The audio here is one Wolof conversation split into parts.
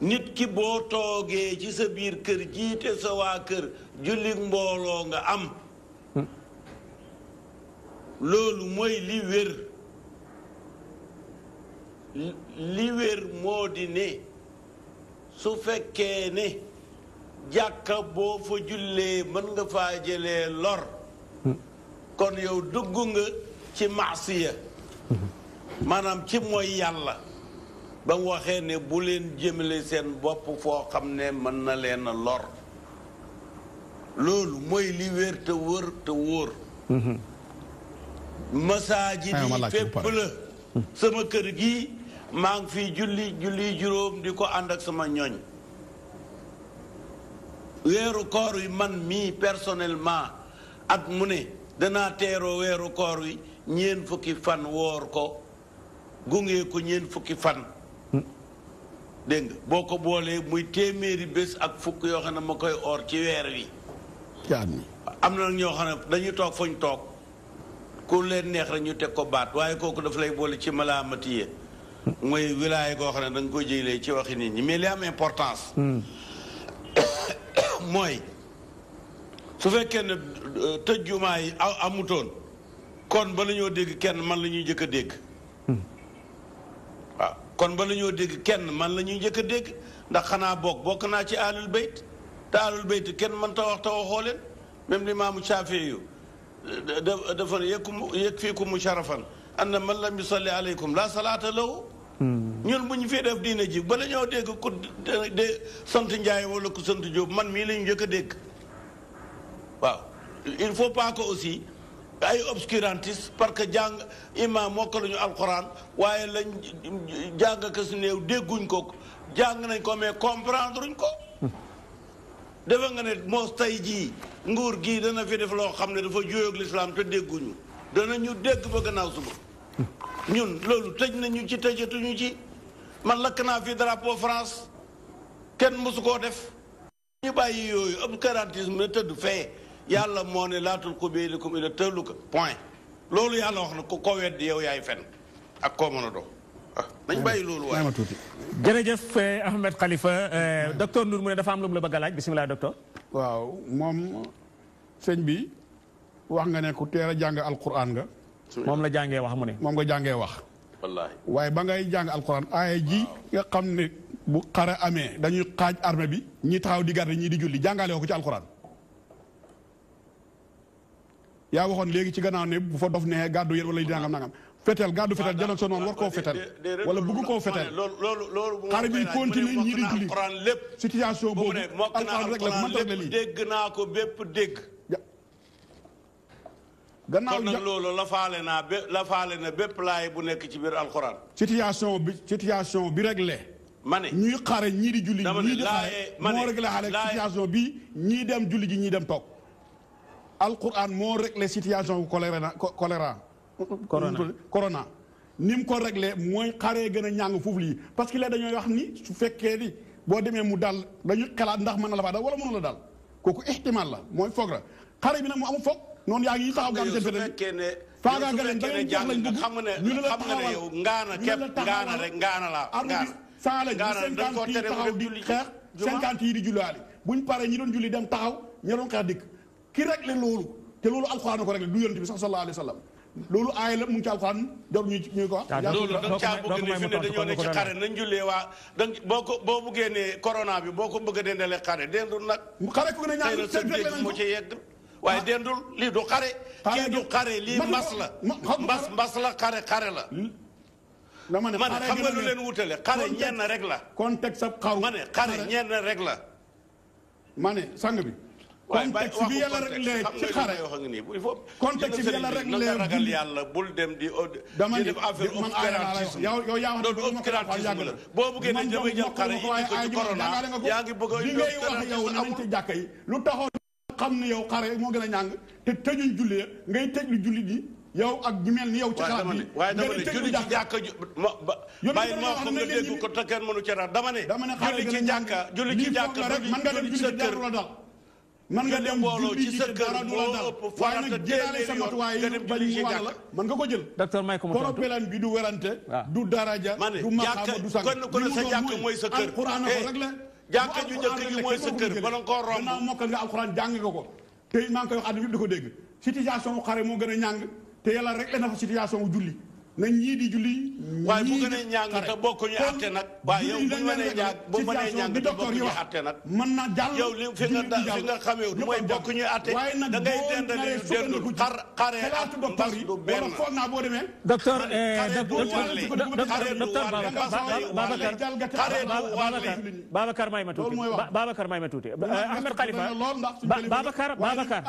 nit ki boo toogee ci sa biir kër jiite sa waa kër jullit mbooloo nga am loolu mooy li wér li wér moo di ne su fekkee ne jàkka boo fa jullee mën nga faa jële lor kon yow dugg nga ci maasiya mm-hmm. maanaam ci mooy yàlla ba waxee ne bu leen jëmale seen bopp foo xam ne mën na leen lor loolu mooy li wér te wër te wóor mhm. masaajid ah, yi fépp la hmm. sama kër gi maa ngi fi julli juróom di ko ànd ak sama ñooñ weeru koor wi man mii personnellement ak mu ne danaa teeroo weeru koor yi ñeen fukki fan woor ko gungee ko ñeen fukki fan dégg nga boo ko boolee muy téeméeri bés ak fukk yoo xam ne ma koy or ci weer wi. am na ñoo xam ne dañuy toog fañ toog ku leen neex rek ñu teg ko baat waaye kooku daf lay boole ci malaamatiye mooy wilaaya goo xam ne da koy jëlee ci waxi nit ñi mais li am importance. Hmm. mooy su fekkee ne euh, tëj jumaa yi amutoon kon ba lañoo dégg kenn man la ñuy jëkk a dégg. kon ba la ñoo dégg kenn man la ñuy njëkk a dégg ndax xanaa bokk bokk naa ci aalul bayt te aalul bayt kenn man ta wax ta waxoo leen même limaamu Shaafi yu dafa ne fii ku mu sharafan and na man lam yusalli aleykum la salaata lahu hmm. ñun bu ñu fii def diina ji ba la ñoo dégg ku de sant Njaay wala ku sant Jóob man mii la ñu njëkk a dégg waaw il faut pas que aussi ay obscurantiste parce que jàng imam mokkaluñu alxuraan waaye lañ jàng ka su néew dégguñ ko jàng nañ ko mais comprendre uñ ko defe nga ne moos tey jii nguur gi dana fi def loo xam ne dafa jóyoog lislaam te dégguñu danañu dégg ba gannaaw suba ñun loolu tëj nañu ci tëjatuñu ci man lakk naa fi drapeau France kenn mosu koo def ñu bàyyi yooyu obscurantisme na tëdd fee yàlla moo ne laatul ko béy li comme il tëllu ko point loolu yàlla wax na ko koo wedd yow yaay fen ak koo mën a doon ah, nañ bàyyi loolu jërëjëf eh, Ahmed Khalifa eh, docteur Ndour mu dafa am lu mu la bëgg a laaj waaw moom sëñ bi wax nga ne ku teel a jàng alquran nga. moom la jàngee wax mu ne. moom nga jàngee wax. wallaahi waaye ba ngay jàng alquran aaya ji nga xam ne bu xare amee dañuy xaaj armée bi ñi taxaw di garde ñii di julli jàngale ko ci alquran. yaa waxoon léegi ci gannaaw ne bu fa dof neexee gàddu yéen wala yi nangam nangam fetel gàddu fetel jëlal sa war koo fetel wala bëgg koo fetel xare bi continue ñii di julli situation boobu alxuraan rek la bu mënta rek la lii dégg naa ko bépp dégg gannaaw kon na bépp laay bu nekk ci biir alxuraan situation bi situation bi réglé ma ñuy xare ñii di julli ñii di xare moo réglé xare situation bi ñii dem julli ji ñii dem toog alquran moo rek situation choléra choléra. corona corona. ni mu ko mooy mooy xaree gën a ñàng foofu lii parce que léegi dañooy wax ni su fekkee ni boo demee mu daal dañu xalaat ndax mën na la faa dal wala mënu la dal kooku ihtimal la mooy foog la xare bi nag mu amul foog. noonu yaa yi taxaw gàncax gi tamit faagaaga leen da ngeen jox lañ bëgg ñu ne la taxawal ngaana képp ngaana rek ngaana la ngaana saa lañ cinquante yi taxaw di xeex cinquante yi di julliwaale buñ paree ñi doon julli dem taxaw ña doon xeex dikk ki réglé loolu te loolu alxuraan ko réglé du yonent bi sax sallallahu alayhi wa sallam loolu aay la mu ngi ci alxuraan jarul ñu ñu ko wax. loolu danga caa bëgg ne fi ne dañoo ne ci xare nañ jullee waa donc boo ko boo buggee ne corona bi boo ko bëgg a dendalee xare dendul nag. xare ku ne ñaari seen réglé nañ ko ci yegg waaye dendul lii du xare. kii du xare lii mbas la. mbas mbas la xare xare la. la ma ne man xam nga lu leen wutale xare ñenn rek la. contexte xaru ma ne xare ñenn rek la. ma ne sang bi. contexte bi yàlla ci bi yàlla réglé nga ragal yàlla bul dem di. dama ni man boo buggee ko a li ngay wax yow ne nañ ci jàkka yi lu taxoon xam ne yow xare moo gën a ñàng te tëjuñ julli ngay tëj lu julli di yow ak ñu ni yow ci xalaat bi waaye dama ne julli ci jàkka ju ma bàyyi ma wax ko nga dégg julli ci jàkka julli ci jàkka man nga dem julli ci la dal man nga dem julli ji la dal waaye nag jëlaale sa matuwaay yi ba ñu wàll nga ko jël. docteur a ko ma tontu bi du werante. Ah. du daraja du maqaama du sang kon sa jàkk mooy sa kër. ko eh, rek la. jàkk ju njëkk ji mooy sa kër bala nga nga alxuraan jàng ko. te maa ngi koy wax àdduna bi ko dégg situation xare moo gën a ñàng te yàlla rek la na fa situation wu julli na ñii di julli. waaye bu gënee ñàng te bokku ñu àtte nag. waaye yow bu mënee ñàng bu mënee ñàng te bokku ñu àtte nag. mën na jàll yow li fi nga da fi nga xamee mooy bokku ñu àtte. da ngay dendale yu dendul xar xare ak mbas du benn. docteur docteur Babacar Babacar may ma tuuti Babacar may ma tuuti Ahmed Khalifa Babacar Babacar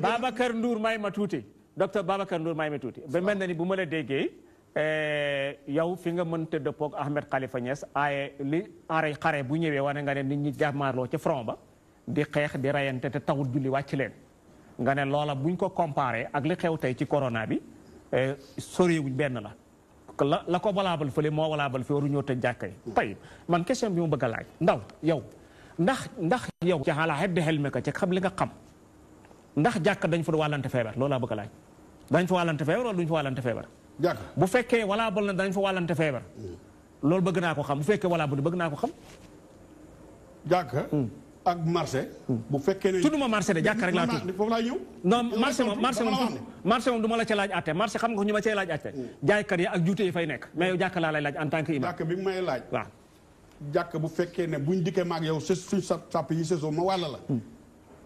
Babacar Ndour may ma tuuti. docteur Babacar Ndour maa ngi tuuti. ba mel na ni bu ma la déggee eh, yow fi nga mën dëppoo ak Ahmed Khalifa Niass aaye li aare xare bu ñëwee wane nga ne nit ñi jàmmaarloo ca front ba di xeex di rayante te tawut julli wàcc leen. nga ne loola buñ ko comparé ak li xew tey ci corona bi eh, soriwuñ benn la. la la ko walaabal fële moo walaabal fi waruñoo tëj jàkka yi. tey man question bi mu bëgg a laaj ndaw yow ndax ndax yow. ci xalaat xel de xel mi ko ci xab li nga xam ndax jàkka dañ fa wàllante feebar loolaa bëgg a laaj. dañ fa wàllante feebar wala duñ fa wàllante feebar. bu fekkee walaa bol na dañ fa wàllante feebar. Hmm. loolu bëgg naa ko xam bu fekkee walaa bol bëgg naa ko xam. jàkka. Hmm. ak marché. Hmm. bu fekkee ne ma marché de jàkka rek laa tudd. foofu laa ñëw. non marché moom marché moom marché moom du ma la ca laaj àtte marché xam nga ñu ma cay laaj àtte. jaaykat yi ak juute yi fay nekk mais yow jàkka laa lay laaj en tant que imam. jàkka bi laaj. waaw jàkka bu fekkee ne buñ dikkee maag yow sa suñ sàpp yi sa ma wàll la.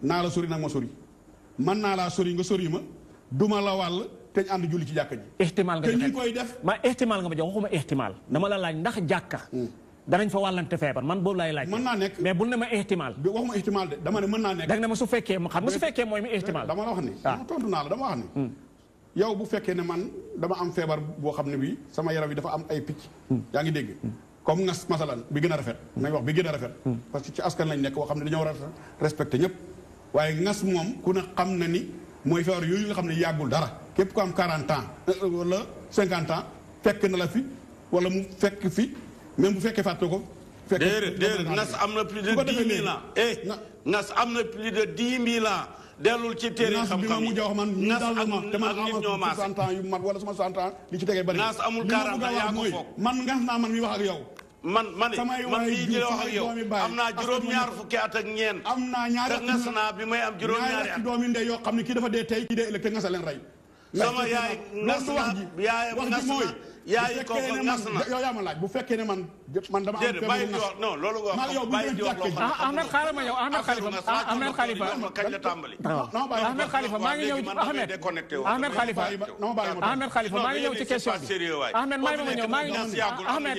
naa la sori nag ma sori. mën naa laa sori nga sori ma duma la wàll te ñu ànd julli ci jàkka ji. ihtimaal nga joxe def. ma ihtimaal nga ma jox waxuma ihtimaal dama la laaj ndax jàkka. Hmm. danañ fa wàllante feebar man boobu laay laaj. man naa nekk mais bu ne ma ihtimaal. bi waxuma ihtimaal de dama ne mën naa nekk. da nga ne ma su fekkee mooy mi ihtimaal. dama la wax ni. Ah. waaw hmm. bu fekkee ne man dama am feebar boo xam ne bii sama yaram yi dafa am ay picc. Hmm. yaa ngi dégg. comme ngas masalan bi gën a rafet. nañ wax bi gën a rafet. parce que ci askan lañ nekk boo xam ne dañoo a respecté ñëpp waaye ngas moom ku ne xam na ni mooy feebar yooyu nga xam ne yàggul dara képp ko am 40 ans euh, wala 50 ans fekk na la fi wala mu fekk fi même bu fekkee fàtte ko. fekk déedéet nas am na plus de dix mille ans eh, eh nas am na plus de dix mille ans. dellul ci téere xam bi ma mujj a wax man. nas ak ñoom yu mat wala sama 60 ans li ci tegee bari. nas amul 40 ans yaa ko foog man ngas naa man mi wax ak yow. man man man mii di la wax ak yow am naa juróom-ñaar fukki at ak ñeent. am naa ñaar ak ngas naa bi am juróom-ñaari at doomi ndey yoo xam ne kii dafa dee tey kii dee ëllëg te ngasa leen rey. sama yaay ngas naa yaayam ngas naa yaayi kooku ngas na yow yaa ma laaj bu fekkee ne man man dama am bàyyi di wax non loolu nga wax bàyyi di ah, wax loo xam Ahmed xaaral ma ñëw Ahmed Khalifa Ahmed Khalifa kañ la tàmbali Ahmed Khalifa maa ngi ñëw Ahmed Ahmed Khalifa Ahmed Khalifa maa ngi ñëw ci question bi Ahmed may ma ma ñëw maa ngi ñëw Ahmed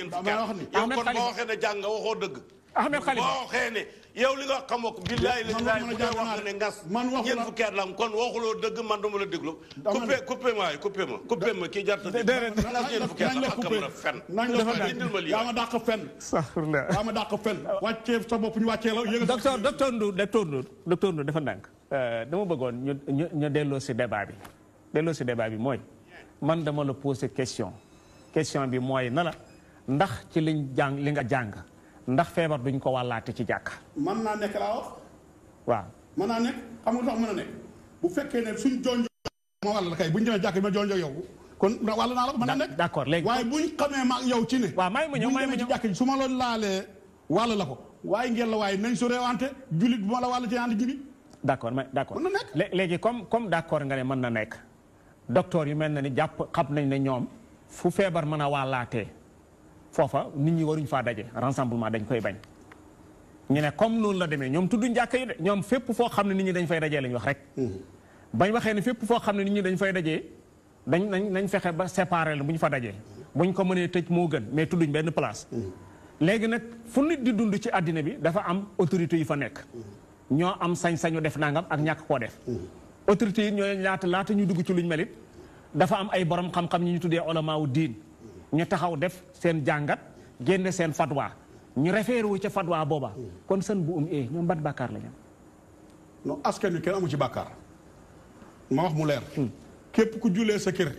Ahmed Khalifa boo waxee ne jàng nga waxoo dëgg Ahmed Khalifa boo waxee ne yow li nga wax xamoo ko billaay la jaay bu dee wax nga ne ngas man wax ñeent fukki at la am kon waxuloo dëgg man dama la déglu coupé coupé ma coupé ma coupé ma kii jarta dégg ngas ñeent fukki at la ak ma fen nañ la fa indil ma lii yaa ma dàq fen saxurla yaa ma dàq fen wàccee sa bopp ñu wàccee la yéen docteur docteur Ndour docteur Ndour docteur Ndour dafa ndànk euh, dama bëggoon ñu ñu ñu delloo si débat bi delloo si débat bi mooy man dama la posé question question bi mooy na la ndax ci liñ jàng li nga jàng ndax feebar duñ ko wàllaate ci jàkk man naa nekk laa waaw mën naa nekk xam nga tax mën a nekk bu fekkee ne suñ jonjo moo wàll buñ demee jàkk ma jonjo yow kon wàll naa la ko mën naa nekk waaye buñ xamee ma yow ci ne waaw may ma ñëw may ma ñëw ci su ma loolu laalee wàll la ko waaye ngeen nañ su reewante jullit bu ma la wàll ji bi d'accord ma d'accord na nekk léegi comme comme d'accord nga ne mën na nekk docteur yi mel na ni jàpp xam nañ ne ñoom fu feebar mën a wàllaatee foofa nit ñi waruñ faa daje rassemblement dañ koy bañ ñu ne comme noonu la demee ñoom tudd njàkk yi de ñoom fépp foo xam ne nit ñi dañ fay dajee lañ wax rek mm-hmm. bañ waxee ne fépp foo xam ne nit ñi dañ fay dajee dañ nañ nañ fexe ba séparé la bu ñu fa dajee mm-hmm. buñ ko mënee tëj moo gën mais tudduñ benn place mm-hmm. léegi nag fu nit di dund ci àddina bi dafa am autorité yu fa nekk ñoo am sañ-sañu def nangam ak ñàkk koo def autorité yi ñooy laata laata ñu dugg ci luñ melit dafa am ay borom xam-xam ñi ñu tuddee olama wu diin ñu taxaw def seen jàngat génne seen fatwa ñu référé wu ca fatwa booba kon sën bu um ee ñoom ban bàkkaar la ñu non askan wi kenn amu ci bàkkaar ma wax mu leer hmm. képp ku julee sa kër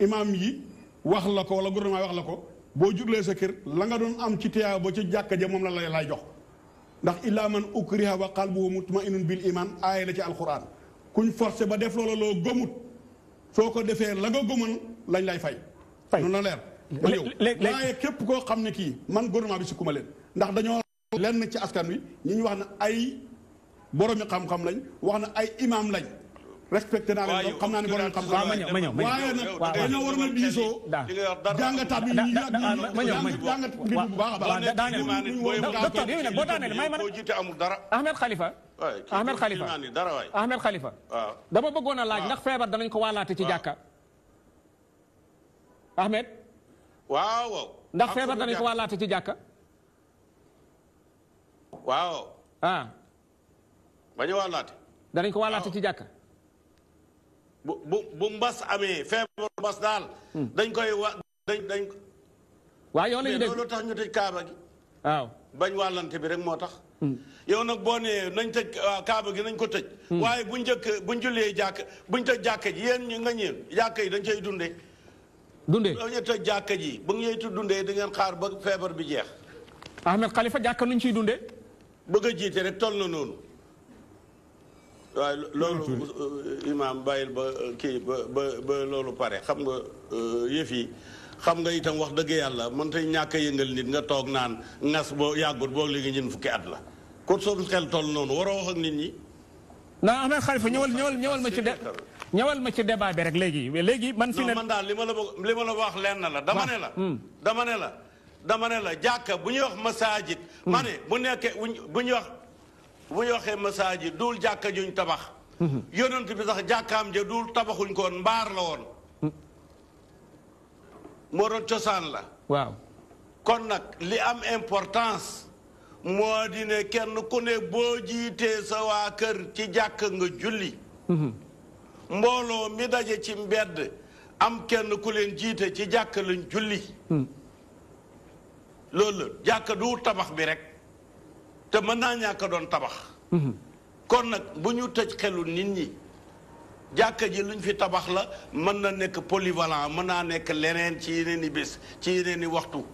imaam yi wax la ko wala gouvernement wax la ko boo jullee sa kër la nga doon am ci tiyaa boo ca jàkka ja moom la lay laay jox ndax illaa man ukriha wa qalbuhu mutmainun bil iman aaya la ci alquran kuñ forcé ba def loola loo gëmut soo ko defee la nga lañ lay fay noonu la leer waaye képp koo xam ne kii man gouvernement bi sukkuma leen ndax dañoo lenn ci askan wi ñi ñu wax na ay boromi xam-xam lañ wax na ay imam lañ respecté naa leen xam naa ne borom xam-xam lañ waaye nag dañoo war a diisoo jàngataat bi ñu jàngat bi bu baax a baax docteur yooyu nag boo daanee may man Ahmed Khalifa Ahmed Khalifa Ahmed Khalifa dama bëggoon a laaj ndax feebar danañ ko waalaate ci jàkka Ahmed waaw ndax feebar danañ ko wàllaate ci jàkka. waaw. ah. bañ a ko wàllaate ci jàkka. bu bu mbas amee feebar mbas daal. Hmm. dañ koy wa dañ dañ. waaw yow la ñuy tax ñu tëj kaaba gi. waaw bañ wàllante bi rek moo tax. Hmm. yow nag boo nee nañ tëj ah, kaaba gi nañ ko tëj. Hmm. waaye bu njëkk bu ñu jullee jàkk buñ ñu tëj jàkk ji yéen nga ñeen jàkk yi dañ cay dundee. dundee bu ñu jàkka ji bu ngeen dundee da ngeen xaar ba feebar bi jeex. Ahmed Khalifa jàkka nuñ ciy dunde bëgg a jiite rek toll na noonu. waaye loolu euh, imaam bàyyil ba euh, kii ba ba loolu pare xam nga euh, yëf yi xam nga itam wax dëgg yàlla mën te ñàkk a yëngal nit nga toog naan ngas boo yàggut boo léegi ñun fukki at la kon soo xel toll noonu waroo wax ak nit ñi. naa Ahmed Khalifa ñëwal ñëwal ñëwal ma ci de. ñëwal ma ci débat bi rek léegi léegi man. fi ne man daal li ma la li ma la wax lenn la. dama ne la hmm. dama ne la. dama la jàkka bu ñuy wax masaajid. Hmm. ma ne bu nekkee bu ñuy wax bu ñu waxee masaajid duul jàkka juñ tabax. Hmm. yonent bi sax jàkkaam ja duul tabaxuñ koon woon mbaar la woon. moo cosaan la. waaw kon nag li am importance. moo dine kenn ku ne boo jiitee sa waa ci jàkk nga julli. mbooloo mi daje ci mbedd am kenn ku leen jiite ci jàkk lañ julli hmm. loolu la jàkk du tabax bi rek te mën naa ñàkk doon tabax hmm. kon nag bu ñu tëj xelu nit ñi jàkk ji luñ fi tabax la mën na nekk polyvalent mën naa nekk leneen ci yeneen i bés ci yeneen i waxtu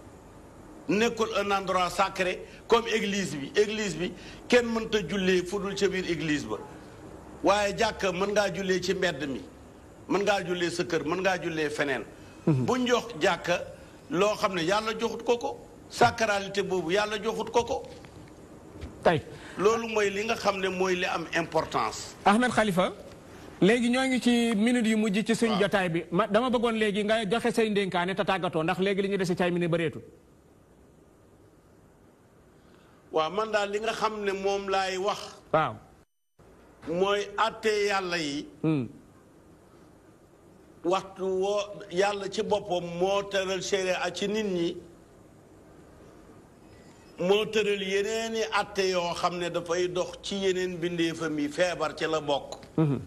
nekkul un endroit sacré comme église bi église bi kenn mënta jullee fu dul ci biir église ba waaye jàkk mën ngaa jullee ci mbedd mi mën ngaa jullee sa kër mën ngaa jullee feneen mhm. buñ jox jàkk loo xam ne yàlla joxut ko ko sacralité boobu yàlla joxut ko ko tey loolu mooy li nga xam ne mooy li am importance Ahmed xalifa léegi ñoo ngi ci minutes yu mujj ci suñ jotaay bi ma dama bëggoon léegi nga joxe say ndénkaane te tàggatoo ndax léegi li ñu des caay minute bareetul waaw man daal li nga xam ne moom laay wax waaw mooy àttee yàlla yi hmm. waxtu yàlla ci boppam moo tëral séeréer ak ci nit ñi moo tëral yeneeni àtte yoo xam ne dafay dox ci yeneen bindeefam yi feebar ci la bokk hmm.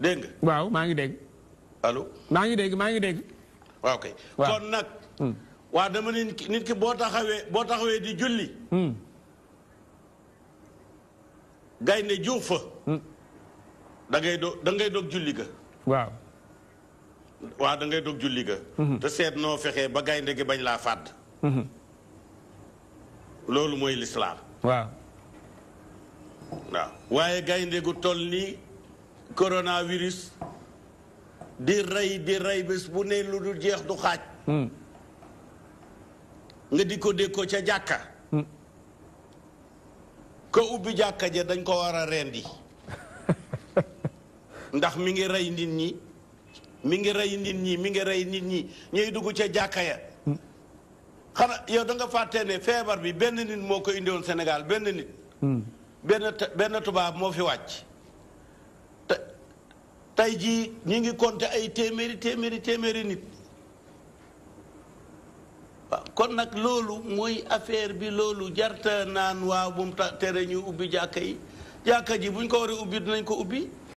dégg nga waaw maa ngi dégg allo maa ngi dégg maa ngi dégg kon nag hmm. waa dama ki nit ki boo taxawee boo taxawee di julli gaynde jóob fa da do doog da ngay doog julli ga waaw waaw da ngay julli ga mhm. te seet noo fexee ba gaynde gi bañ laa fàdd mhm. loolu mooy lislaam waaw waaw waaye gaynde gu toll nii coronavirus di rey di rey bés bu ne lu dul jeex du xaaj mhm. nga di ko dékkoo ca jàkka ka ubbi jàkka ja dañ koo war a di ndax mi ngi rey nit ñi mi ngi rey nit ñi mi ngi rey nit ñi ñuy dugg ca jàkka ya hmm. xanaa yow danga fàtte ne feebar bi benn nit moo ko indiwoon senegal benn nit hmm. benn tubaab moo fi wàcc te tey jii ñu ngi compter ay téeméeri téeméeri téeméeri nit waaw kon nag loolu mooy affaire bi loolu jarta naan waaw bu mu tere ñuy ubbi jàkka yi jàkka ji buñ ko war a ubbi dinañ ko ubbi